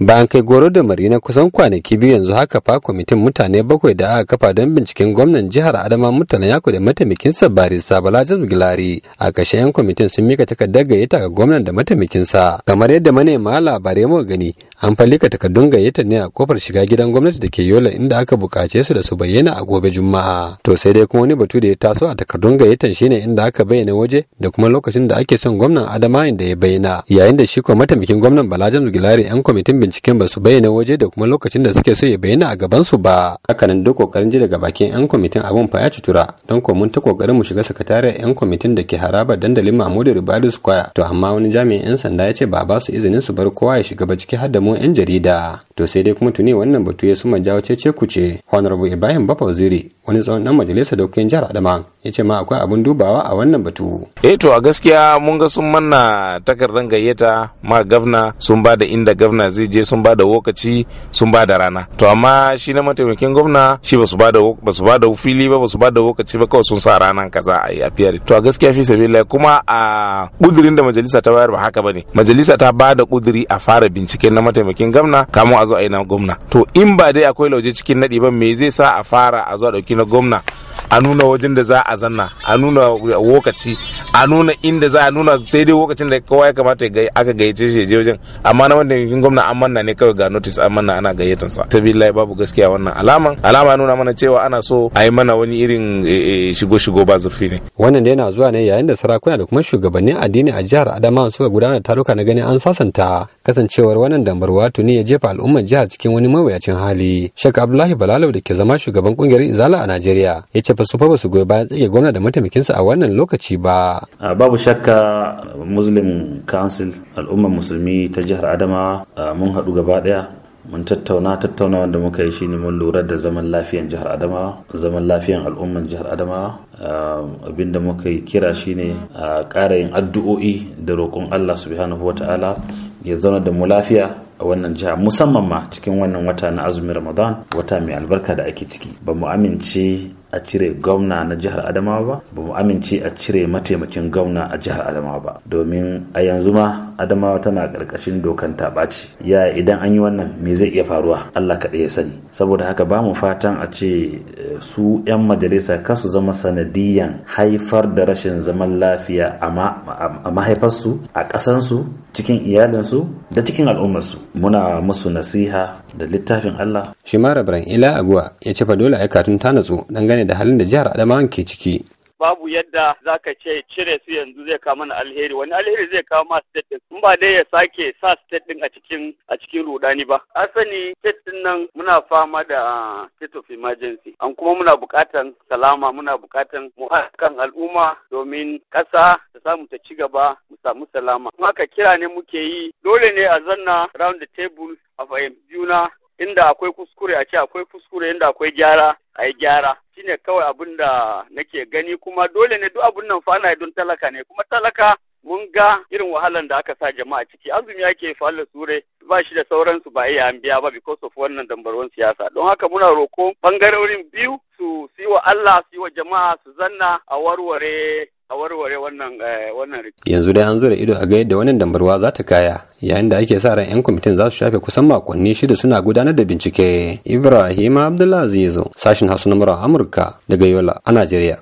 bayan kai goro da mari na kusan kwanaki biyu yanzu haka fa kwamitin mutane bakwai da aka kafa don binciken gwamnan jihar adama murtala yako da mataimakinsa barista balajas gilari a kashe yan kwamitin sun mika takardar gayyata ga gwamnan da mataimakinsa kamar yadda manema labarai muka gani an ka takardun gayyatar ne a kofar shiga gidan gwamnati da ke yola inda aka buƙace su da su bayyana a gobe juma'a to sai dai kuma wani batu da ya taso a takardun gayyatar shine inda aka bayyana waje da kuma lokacin da ake son gwamnan adama da ya bayyana yayin da shi ko mataimakin gwamnan Bala james gilari yan kwamitin binciken ba su bayyana waje da kuma lokacin da suke so ya bayyana a gaban su ba hakanan duk kokarin ji daga bakin yan kwamitin abun fa ya cutura don ko mun ta kokarin mu shiga sakatariyar yan kwamitin da ke haraba dandalin mahmudu ribadu square to amma wani jami'in yan sanda ya ce ba ba su izinin su bar kowa ya shiga ba ciki har da mu 'yan jarida to sai dai kuma tuni wannan batu ya suma jawo cece kuce honorable ibrahim bafa waziri wani tsawon dan majalisa dokokin jihar adama ya ce ma akwai abun dubawa a wannan batu eh to a gaskiya mun ga sun manna takardar gayyata ma gavna sun ba da inda gavna zai je sun ba da lokaci sun ba da rana to amma shi na mataimakin gwamna shi su ba da su ba da fili ba su ba da lokaci ba kawai sun sa rana kaza a yi afiyar to a gaskiya fi sabila kuma a ƙudirin da majalisa ta bayar ba haka bane majalisa ta ba da kudiri a fara binciken na mataimakin gwamna kamun a zo a yi na gwamna to in ba dai akwai lauje cikin naɗi ba me zai sa a fara a zo a ɗauki na gwamna a nuna wajen da za a zanna a nuna wokaci a nuna inda za a nuna daidai lokacin da kowa ya kamata ya aka gayyace shi je wajen amma na wanda yankin gwamna an manna ne kawai ga notice an manna ana gayyatan sa sabilillahi babu gaskiya wannan alama alama nuna mana cewa ana so a yi mana wani irin e, e, shigo shigo ba zurfi ne wannan da yana zuwa ne yayin da sarakuna da kuma shugabannin addini a jihar Adamawa suka gudanar taruka na ganin an sasanta kasancewar wannan dambarwa tuni ya jefa al'ummar jihar cikin wani mawuyacin hali shek abdullahi balalau da ke zama shugaban kungiyar izala a najeriya ya ce fa su fa ba su goyi bayan tsige gwamna da mataimakinsa a wannan lokaci ba Ah, babu shakka muslim council al'ummar musulmi ta jihar adama ah, mun haɗu gaba ɗaya mun tattauna tattauna wanda muka yi shine mun lura da zaman lafiyan jihar adama zaman lafiyan al'umman jihar adama ah, abinda muka yi kira shine a ƙara yin addu'o'i da roƙon allah subhanahu wa ta'ala ya zauna da mu lafiya a wannan jiha musamman ma cikin wannan wata na azumin ramadan wata mai albarka da ake ciki ba mu amince a cire gwamna na jihar adamawa ba ba mu amince a cire mataimakin gwamna a jihar adamawa ba domin a yanzu ma adamawa tana ƙarƙashin dokan taɓaci ya idan an yi wannan me zai iya faruwa allah kaɗai ya sani saboda haka ba mu fatan a ce eh, su 'yan majalisa kar su zama sanadiyan haifar da rashin zaman lafiya a mahaifarsu a ƙasansu cikin iyalinsu da cikin al'ummarsu muna musu nasiha da littafin Allah. Shi ma Rabaran Ila Aguwa ya ce fa dole aikatun ta natsu dangane da halin da jihar Adamawa ke ciki babu yadda zaka ce cire su yanzu zai kawo mana alheri wani alheri zai kawo ma state din ba dai ya sake sa state din a cikin a cikin rudani ba asali state din nan muna fama da ah, state of emergency an kuma muna bukatan salama muna bukatan mu al'umma domin kasa ta samu ta ci gaba mu samu salama kuma ka kira ne muke yi dole ne a zanna round the table a fahimci juna inda akwai kuskure a ce akwai kuskure inda akwai gyara a yi gyara shine kawai abin da nake gani kuma dole ne duk abin nan fana don talaka ne kuma talaka mun ga irin wahalan da aka sa jama'a ciki azumi yake falla sure ba shi da sauransu ba iya an biya ba because of wannan dambarwan siyasa don haka muna roko bangarorin biyu su siwa Allah su yi wa jama'a su zanna a warware a warware wannan eh, wannan yanzu dai an zura ido a ga yadda wannan dambarwa za ta kaya yayin da ake sa ran yan kwamitin za su shafe kusan makonni shida suna gudanar da bincike ibrahim abdulaziz sashin hausa na amurka daga yola a najeriya